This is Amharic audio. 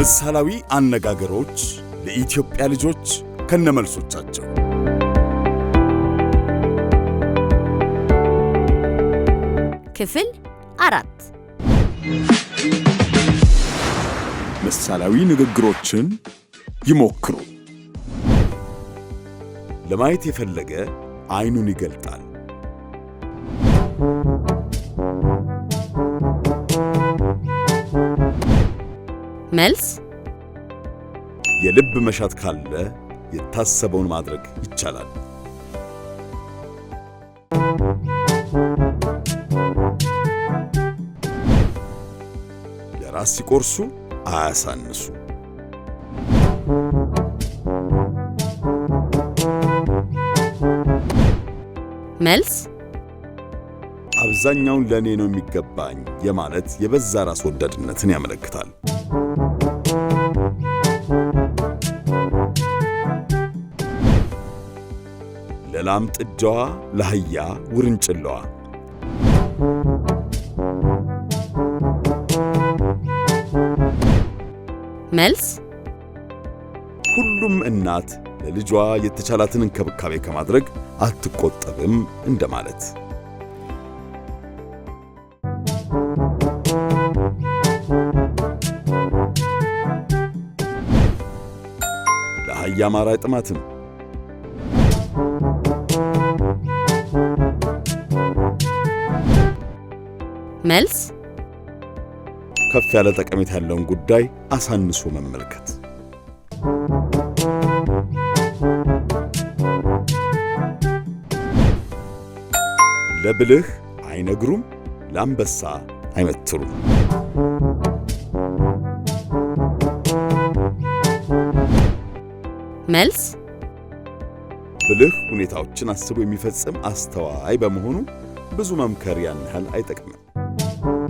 ምሳሌያዊ አነጋገሮች ለኢትዮጵያ ልጆች ከነመልሶቻቸው ክፍል አራት ምሳሌያዊ ንግግሮችን ይሞክሩ። ለማየት የፈለገ አይኑን ይገልጣል። መልስ የልብ መሻት ካለ የታሰበውን ማድረግ ይቻላል። ለራስ ሲቆርሱ አያሳንሱ። መልስ አብዛኛውን ለእኔ ነው የሚገባኝ የማለት የበዛ ራስ ወዳድነትን ያመለክታል። ለላም ጥጃዋ፣ ለአህያ ውርንጭላዋ። መልስ ሁሉም እናት ለልጇ የተቻላትን እንክብካቤ ከማድረግ አትቆጠብም እንደማለት። ለአህያ ጥማትም መልስ ከፍ ያለ ጠቀሜታ ያለውን ጉዳይ አሳንሶ መመልከት። ለብልህ አይነግሩም፣ ለአንበሳ አይመትሩም። መልስ ብልህ ሁኔታዎችን አስቦ የሚፈጽም አስተዋይ በመሆኑ ብዙ መምከር ያን ያህል አይጠቅምም። Thank you.